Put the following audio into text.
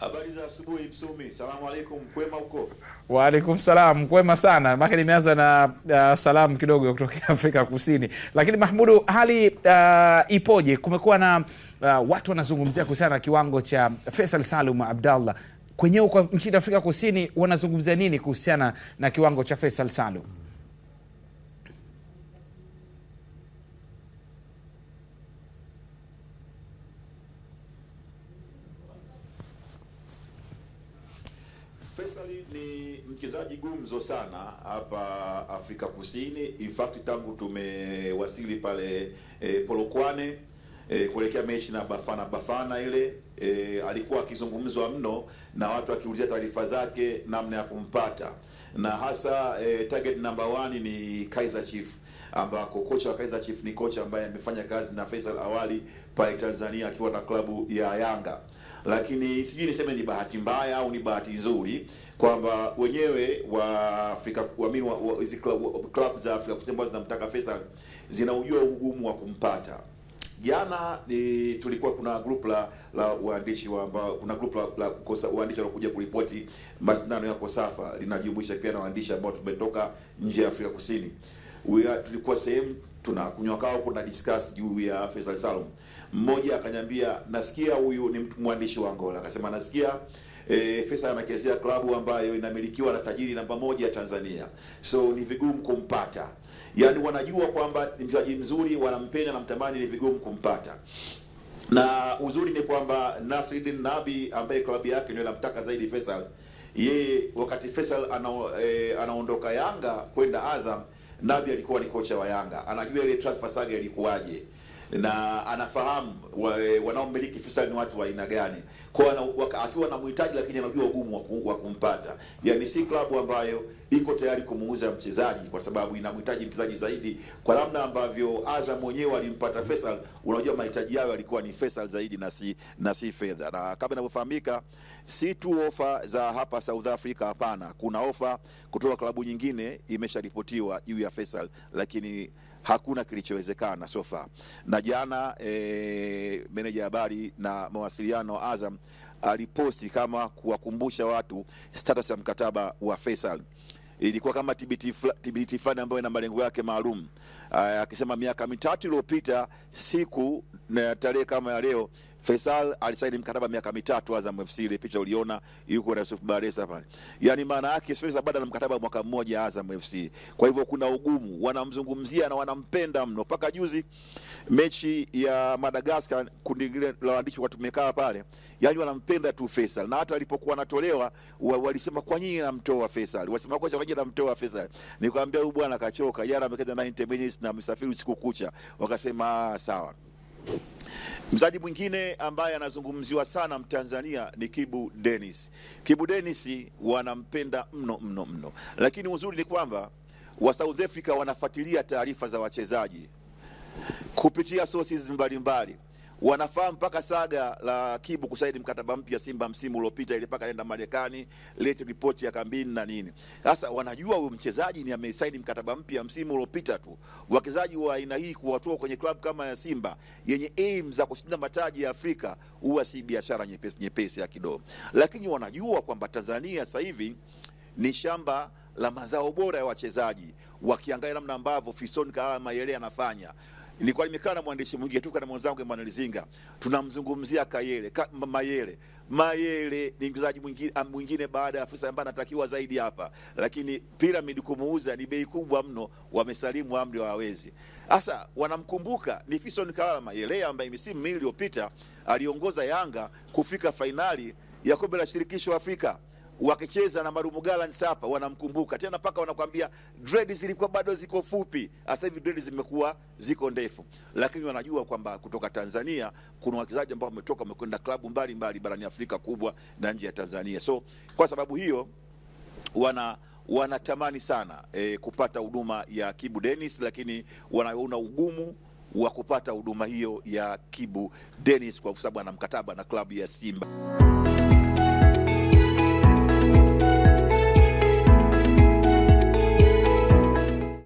Habari za asubuhi Msumi, salamu alaikum, kwema huko? Waalaikum salam, kwema sana. Maana nimeanza na uh, salamu kidogo kutoka Afrika Kusini, lakini Mahmudu, hali uh, ipoje? Kumekuwa na uh, watu wanazungumzia kuhusiana na kiwango cha Faisal Salum Abdallah kwenyewe kwa nchini Afrika Kusini, wanazungumzia nini kuhusiana na kiwango cha Faisal Salum? Faisal ni mchezaji gumzo sana hapa Afrika Kusini. In fact tangu tumewasili pale e, eh, Polokwane e, eh, kuelekea mechi na Bafana Bafana ile e, alikuwa akizungumzwa mno na watu akiulizia taarifa zake namna ya kumpata na hasa e, target number one ni Kaizer Chief ambako kocha wa Kaizer Chief ni kocha ambaye amefanya kazi na Faisal awali pale Tanzania akiwa na klabu ya Yanga lakini sijui niseme ni bahati mbaya au ni bahati nzuri kwamba wenyewe wa Afrika waamini hizi club za Afrika Kusini ambazo zinamtaka Faisal zinaujua ugumu wa kumpata. Jana ni tulikuwa kuna group la la waandishi wa ambao kuna group la, la kosa, waandishi waliokuja kuripoti mashindano ya Kosafa linajumuisha pia na waandishi ambao tumetoka nje ya Afrika Kusini. We tulikuwa sehemu tunakunywa kao kuna discuss juu ya Faisal Salum. Mmoja akanyambia nasikia huyu ni mtu mwandishi wa Angola, akasema nasikia e, Faisal anachezea klabu ambayo inamilikiwa na tajiri namba moja ya Tanzania, so ni vigumu kumpata. Yaani wanajua kwamba ni mchezaji mzuri, wanampenda na mtamani, ni vigumu kumpata na uzuri ni kwamba Nasreddine Nabi ambaye klabu yake ndio inamtaka zaidi Faisal, yeye wakati Faisal ana, e, eh, anaondoka Yanga kwenda Azam Nabi alikuwa ni kocha wa Yanga, anajua ile transfer saga ilikuwaje na anafahamu wa, e, wanaomiliki fisadi ni watu wa aina gani, kwa akiwa na mhitaji, lakini anajua ugumu wa kumpata. Yani si klabu ambayo iko tayari kumuuza mchezaji kwa sababu inamhitaji mchezaji zaidi, kwa namna ambavyo Azam mwenyewe alimpata Faisal. Unajua mahitaji yao yalikuwa ni Faisal zaidi na si, na si fedha, na kama inavyofahamika si tu ofa za hapa South Africa, hapana, kuna ofa kutoka klabu nyingine imesharipotiwa juu ya Faisal lakini hakuna kilichowezekana sofa Na jana e, meneja habari na mawasiliano Azam aliposti kama kuwakumbusha watu status ya mkataba wa Faisal ilikuwa kama TBT fulani ambayo ina malengo yake maalum, akisema miaka mitatu iliyopita siku na tarehe kama ya leo Faisal alisaini mkataba miaka mitatu Azam FC, ile picha uliona yuko na Yusuf Baresa pale. Yani maana yake Faisal bado ana mkataba mwaka mmoja Azam FC, kwa hivyo kuna ugumu, wanamzungumzia na wanampenda mno. Mpaka juzi mechi ya Madagascar, kundi lile la waandishi watu tumekaa pale, yani wanampenda tu Faisal, na hata alipokuwa anatolewa walisema kwa nini namtoa Faisal, walisema kocha kwa nini namtoa Faisal. Nikwambia huyu bwana kachoka, jana amekaja 90 minutes na msafiri usiku kucha, wakasema ah, sawa mzaji mwingine ambaye anazungumziwa sana Mtanzania ni Kibu Dennis. Kibu Dennis wanampenda mno mno mno, lakini uzuri ni kwamba wa South Africa wanafuatilia taarifa za wachezaji kupitia sources mbalimbali wanafahamu mpaka saga la Kibu kusaini mkataba mpya Simba msimu uliopita, ili mpaka nenda Marekani leti ripoti ya kambini na nini. Sasa wanajua huyo mchezaji ni amesaini mkataba mpya msimu uliopita tu. Wachezaji wa aina hii kuwatoa kwenye klabu kama ya Simba yenye aim za kushinda mataji ya Afrika huwa si biashara nyepesi nyepesi ya kidogo, lakini wanajua kwamba Tanzania sasa hivi ni shamba la mazao bora ya wachezaji, wakiangalia namna ambavyo Fiston Kalala Mayele anafanya Nilikuwa nimekaa na mwandishi mwingine tu na mwenzangu Emmanuel Zinga, tunamzungumzia Kayele ka, Mayele. Mayele ni mchezaji mwingine ah, mwingine baada ya afisa ambaye anatakiwa zaidi hapa, lakini Pyramid kumuuza ni bei kubwa mno, wamesalimu amri wawezi. Sasa wanamkumbuka ni Fiston Kalala Mayele ambaye misimu miwili iliyopita aliongoza Yanga kufika fainali ya kombe la shirikisho Afrika wakicheza na Marumo Gallants hapa wanamkumbuka tena, mpaka wanakwambia dread zilikuwa bado ziko fupi, sasa hivi dread zimekuwa ziko ndefu. Lakini wanajua kwamba kutoka Tanzania kuna wachezaji ambao wametoka wamekwenda klabu mbalimbali barani Afrika kubwa na nje ya Tanzania, so kwa sababu hiyo wana wanatamani sana e, kupata huduma ya Kibu Dennis, lakini wanaona ugumu wa kupata huduma hiyo ya Kibu Dennis kwa sababu ana mkataba na klabu ya Simba.